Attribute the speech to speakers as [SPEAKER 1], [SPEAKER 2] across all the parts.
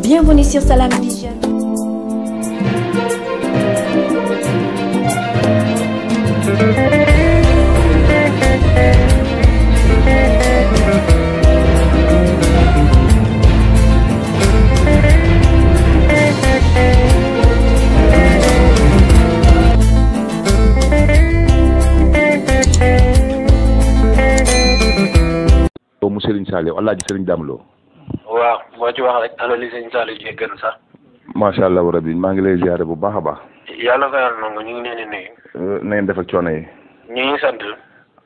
[SPEAKER 1] Bienvenue sur Salam Vision. Serigne Saliou Alaaji Serigne Damlo
[SPEAKER 2] waaw boo ci wax rek alali sëñ Saliou Dieng gën sax.
[SPEAKER 1] macha allah rabi maa ngi lay ziare bu baax a baax.
[SPEAKER 2] yàlla fayal nangu ñu ngi leen di
[SPEAKER 1] euh, na ngeen def ak coono yi. ñu ne sant.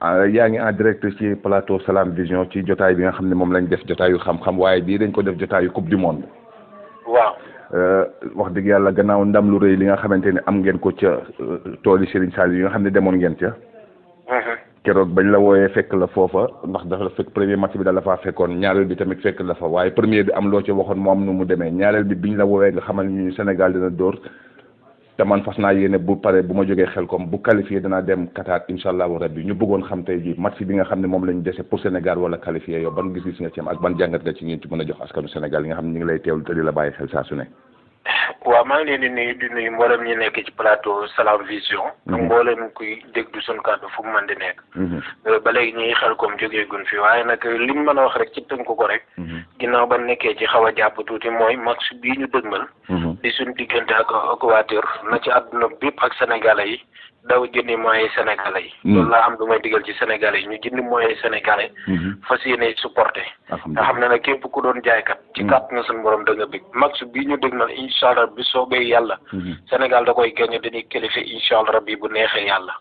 [SPEAKER 1] Ah, yaa ngi en direct ci plateau Salam Vision ci jotaay bi nga xam ne moom lañ def jotaayu xam-xam waaye bii dañ ko def jotaayu coupe du monde. waaw. Euh, wax dëgg yàlla gannaaw ndam lu rëy li nga xamante ni am ngeen ko ca euh, tooli Serigne Saliou yi nga xam ne demoon ngeen ca. keroog bañ la wooyee fekk la foofa ndax dafa fekk premier match bi daal la faa fekkoon ñaareel bi tamit fekk la fa waaye premier bi am loo ci waxoon moo am nu mu demee ñaareel bi biñ la woowee nga xamal ñu Sénégal dina dóor te man fas naa yéene bu pare bu ma jógee xel kom bu qualifié danaa dem Qatar incha allahu rabbi ñu bëggoon xam tey ji match bi nga xam ne moom lañu dese pour Sénégal wala qualifié yow ban gis-gis nga ci am ak ban jàngat a jox askanu te di la bàyyi xel ne.
[SPEAKER 2] waaw maa ngi leen di nuyu di nuyu mboolem ñu nekk ci plateau Salam Vision. Mhm. ak mboolem kuy déglu sunu kàddu fu mu mën di nekk. Mhm. Euh, ba léegi ñuy xel comme jógee gun fi waaye nag li mu mën a wax rek ci tënk ko rek. Mhm. ginnaaw ba nekkee ci xaw a jàpp tuuti mooy max bii ñu dëgmal. di suñu diggante ak ak waa na ci àdduna bépp ak sénégalais yi. daw jëndi moyens sénégalais yi. Hmm. loolu laa am lu may digal ci sénégalais yi ñu jëndi moyens sénégalais. Hmm. fas yéene supporté. nga xam ne nag képp ku doon jaaykat. ci hmm. kàttanu suñu borom da nga bëgg. max bi ñu dégg na incha allah bi soobee yàlla. Sénégal da koy gagné dañuy qualifié incha allah bi bu neexee yàlla.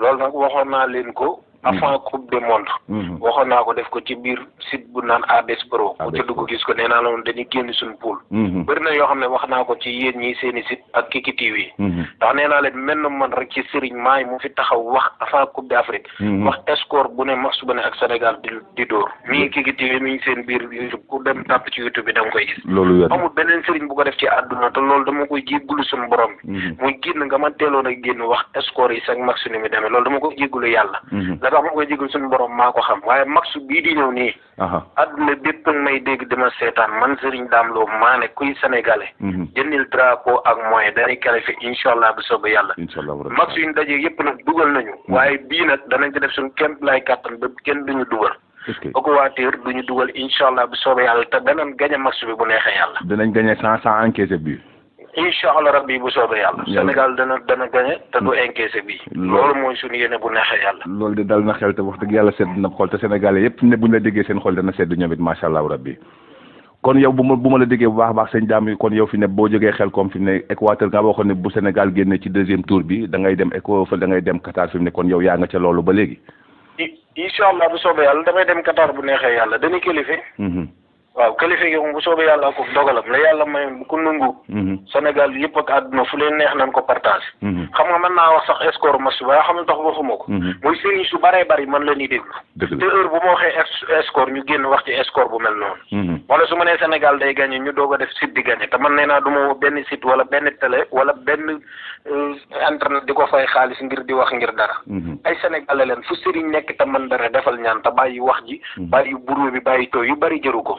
[SPEAKER 2] loolu nag waxoon naa leen ko. avant mm-hmm. coupe du monde. Mm-hmm. waxoon naa ko def ko ci biir sit bu naan ABS Pro. ku ci dugg gis ko nee naa la woon dañuy génn suñu pool. Mm-hmm. bëri na yoo xam ne wax naa ko ci yéen ñii seen i site ak Kiki TV. ndax nee naa leen mel na man rek ci Serigne Maay mu fi taxaw wax avant coupe d'Afrique. wax score bu ne match bu ne ak Sénégal di di dóor. mi ngi Kiki TV mi ngi seen biir YouTube ku dem tàpp ci YouTube bi da nga
[SPEAKER 1] loolu yëpp
[SPEAKER 2] beneen Serigne bu ko def ci àdduna te loolu dama koy jéggulu suñu borom bi. muy génn nga ma teeloon a génn wax score yi sax match ni mu demee loolu dama koy jéggulu yàlla. la tax ma koy jégal suñu boroom maa ko xam waaye max bii di ñëw nii. adduna bépp may dégg dama seetaan man Serigne Dame Lo maa kuy sénégalais. Mhm. jëndil drapeau ak moyen danay qualifié incha allah bu soobee yàlla.
[SPEAKER 1] incha allah max yu
[SPEAKER 2] yëpp dugal nañu. Mhm. waaye bii nag danañ ci def suñu kéem lay kàttan ba kenn duñu dugal. Equateur duñu dugal incha allah bu soobee yàlla te danañ gañe max bi bu neexee yàlla.
[SPEAKER 1] danañ gañe sans sans encaisser bi.
[SPEAKER 2] incha allah rabbi bu soobee yàlla. Sénégal dana dana gañe te du encaissé bii. loolu mooy suñu yéene bu neexee yàlla.
[SPEAKER 1] loolu de dal na xel te wax dëgg yàlla sedd na xol te Sénégalais yëpp ne bu ñu la déggee seen xol dana sedd ñoom it macha allah rabbi kon yow bu ma bu ma la déggee baax a baax sëñ Dame kon yow fi ne boo jógee xel comme fi mu ne Équateur nga waxoon ne bu Sénégal génne ci deuxième tour bi da ngay dem Eco fa dem Qatar fi mu ne kon yow yaa nga loolu ba léegi.
[SPEAKER 2] incha allah waaw kilifa gi moom bu soobee yàlla ak dogalam la yàlla may bu ko nangu. Mhm. Sénégal yëpp ak àdduna fu leen neex nañ ko partage. Mhm. xam nga mën naa wax sax escore match ba xam nga tax waxuma ko. Mhm. muy sëriñ su bare bëri man la ñuy déglu. te heure bu ma waxee escore ñu génn wax ci escore bu mel
[SPEAKER 1] noonu.
[SPEAKER 2] wala su ma nee Sénégal day gagné ñu doog a def site di gagné te man nee naa du ma benn sit wala benn tele wala benn euh, internet di ko fay xaalis ngir di wax ngir dara. ay Sénégalais leen fu sëriñ nekk te man dara defal ñaan te bàyyi wax ji. bàyyi bureau bi bàyyi tooy yu bëri jëru ko.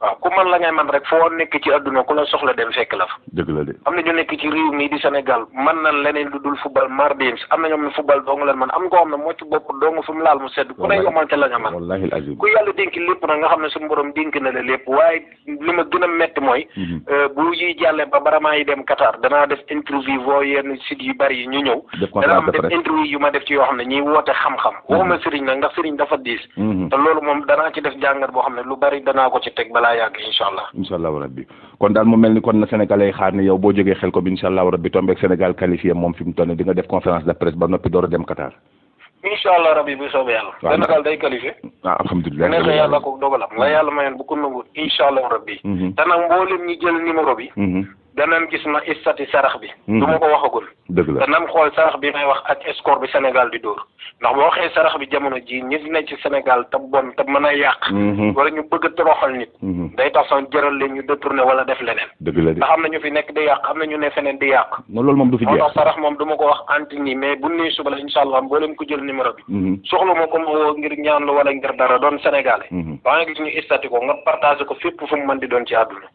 [SPEAKER 2] waaw ku man la ngay man rek foo nekk ci àdduna ku la soxla dem fekk la fa. dëgg la de am na ñu nekk ci réew mi di Sénégal man na leneen lu dul football mardins am na ñoom ne football dong fu mu laal mu sedd ku ne yomal la nga man ku yàlla dénk lépp nag nga xam ne suñu borom dénk na la lépp waaye li ma gën a métti mooy mhm. euh, bu yuy jàllee ba baramaa dem Qatar danaa def interview voo yenn site yu bari yi ñu ñëw danaa def interview yoo xam ne ñuy woote balaa yàgg incha allah.
[SPEAKER 1] incha allahu rabbi kon daal mu mel ni kon na sénégalais xaar ni yow boo jógee xel ko bi allahu rabbi tombeeg Sénégal qualifié moom fi mu toll def conférence de presse ba noppi door a dem Qatar.
[SPEAKER 2] incha allah rabbi bu soobee yàlla. Sénégal day qualifié.
[SPEAKER 1] ah alhamdulilah
[SPEAKER 2] yàlla mayoon bu ko nangu incha allahu rabbi. Mhm. te nag mboolem ñi jël numéro bi. Mhm. danañ gis ma istati sarax bi. Mhm. du ma ko waxagul. dëgg la danañ xool sarax bi may wax ak score bi Sénégal di dóor ndax boo waxee sarax bi jamono jii ñi nañ ci Sénégal te bon te mën a yàq. Mhm. wala ñu bëgg a toroxal nit. Mhm. day tax son jëral leen ñu détourné wala def leneen. ndax am na ñu fi nekk di yàq am na ñu ne feneen di yàq.
[SPEAKER 1] loolu moom du fi jeex
[SPEAKER 2] moom du ma ko wax anti nii mais bu nii suba la incha allah mboolem ku jël numéro bi. soxla ma ko mo woo ngir ñaan la wala ngir dara doon Sénégalais. ba nga gis ñu istati ko nga partagé ko fépp fu mu mën di doon ci àdduna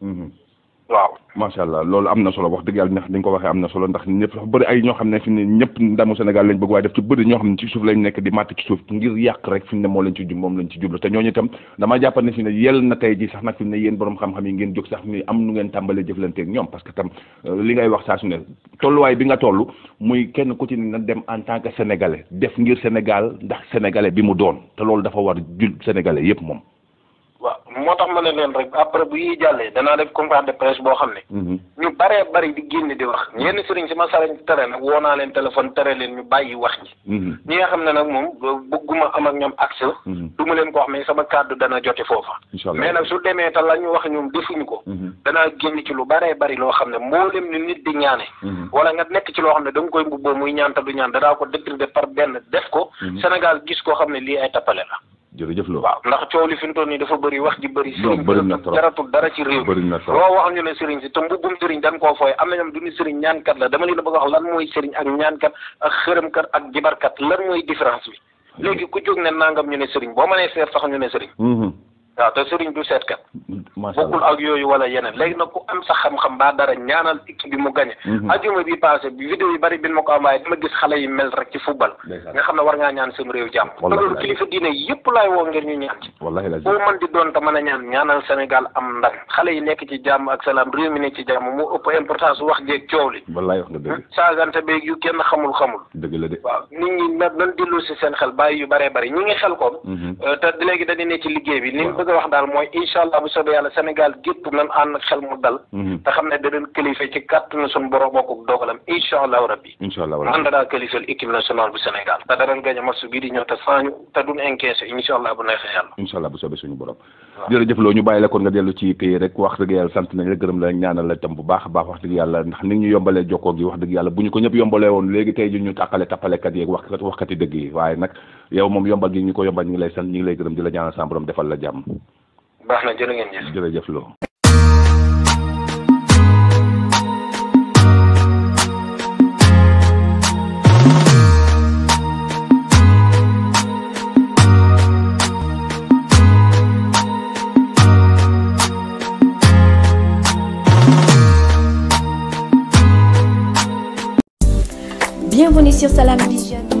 [SPEAKER 2] waaw
[SPEAKER 1] macha allah loolu am na solo wax dëgg yàlla ndax dañ ko waxee am na solo ndax ñëpp dafa bëri ay ñoo xam ne fi ne ñëpp ndamu Sénégal lañ bëgg waaye daf ci bëri ñoo xam ne ci suuf lañ nekk di màtt ci suuf ngir yàq rek fi ne moo lañ ci jub moom lañ ci jublu te ñooñu itam dama jàpp ne fi ne yel na sax nag fi ne yéen borom xam-xam yi ngeen jóg sax ni am nu ngeen tàmbalee jëflanteeg ñoom parce que tam euh, li ngay wax saa su ne tolluwaay bi nga toll muy kenn ku ci na dem en tant que sénégalais def ngir Sénégal ndax sénégalais bi mu doon te loolu dafa war jul sénégalais yépp moom
[SPEAKER 2] moo tax ma ne leen rek après bu yiy jàllee danaa def conférence de presse boo xam ne. Mhm. ñu baree bari di génn di wax. ñenn sëriñ si ma sarañ tere nag woo naa leen téléphone tere leen ñu bàyyi wax ji. Mhm. ñi nga xam ne nag moom bëgguma am ak ñoom accès. Mhm. du ma leen ko xam ne sama kàddu dana jote foofa. mais nag su demee te la ñu wax ñoom defuñu ko. danaa génn ci lu baree bari loo xam ne mboolem ni nit di ñaane. wala nga nekk ci loo xam ne da koy mbubboo muy ñaan te ñaan danaa ko décréter par benn def ko. Sénégal gis koo xam ne lii tappale la.
[SPEAKER 1] jërëjëf loolu waaw
[SPEAKER 2] ndax coow li fi mu nii dafa bari wax ji bëri sëriñ bi jaratul dara ci réew mi loo wax ñu ne sëriñ si te mbubbum sëriñ dañ koo fooy am na ñoom du ñu sëriñ ñaankat la dama leen a bëgg wax lan mooy sëriñ ak ñaankat ak xërëmkat ak jibarkat lan mooy différence bi mm-hmm. léegi ku jóg ne nangam ñu ne sëriñ boo mënee seet sax ñu ne sëriñ mm-hmm. waaw te sëriñ du seetkat
[SPEAKER 1] bokkul ak
[SPEAKER 2] yooyu wala yeneen léegi na ku am sa xam-xam baa dara ñaanal équipe bi mu gagné mhm. ajuma bi passé bi vidéo yi bari bin ma ko envoyé dama gis xale yi mel rek ci football nga xam ne war ngaa ñaan sam réew jàmm te loolu kilifa di doon te mën a ñaan ñaanal Sénégal am ndam xale yi nekk ci jàmm ak salaam réew mi nekk ci jàmm mu ëpp importance wax jeeg coow li
[SPEAKER 1] wallaay wax nga dëgg hmm?
[SPEAKER 2] saagante beeg yu kenn xamul xamul dëgg la de waaw nit ñi nag nan dellu ngi xel koom mhm. euh, te léegi dañu ne bëgg a wax daal mooy incha allah bu soobee yàlla Sénégal gépp nan ànd xel mu dal. Mhm. te xam ne danañ qualifié ci kàttanu suñu borom ak dogalam incha allahu rabbi.
[SPEAKER 1] incha allahu allah bu
[SPEAKER 2] neexee yàlla. allah bu soobee suñu borom. waaw jërëjëf
[SPEAKER 1] loo ñu bàyyi la kon nga dellu ci pays rek wax dëgg yàlla sant nañ la gërëm la ñaanal la tam bu baax baax wax dëgg yàlla ndax ni ñu yombalee jokkoo gi wax dëgg yàlla bu ñu ko ñëpp yombalee woon léegi tey ñu tàqale tappalekat yeeg
[SPEAKER 2] baax na jërë ngeen jëf jërëjëf Lo.
[SPEAKER 1] Bienvenue sur Salam Vision.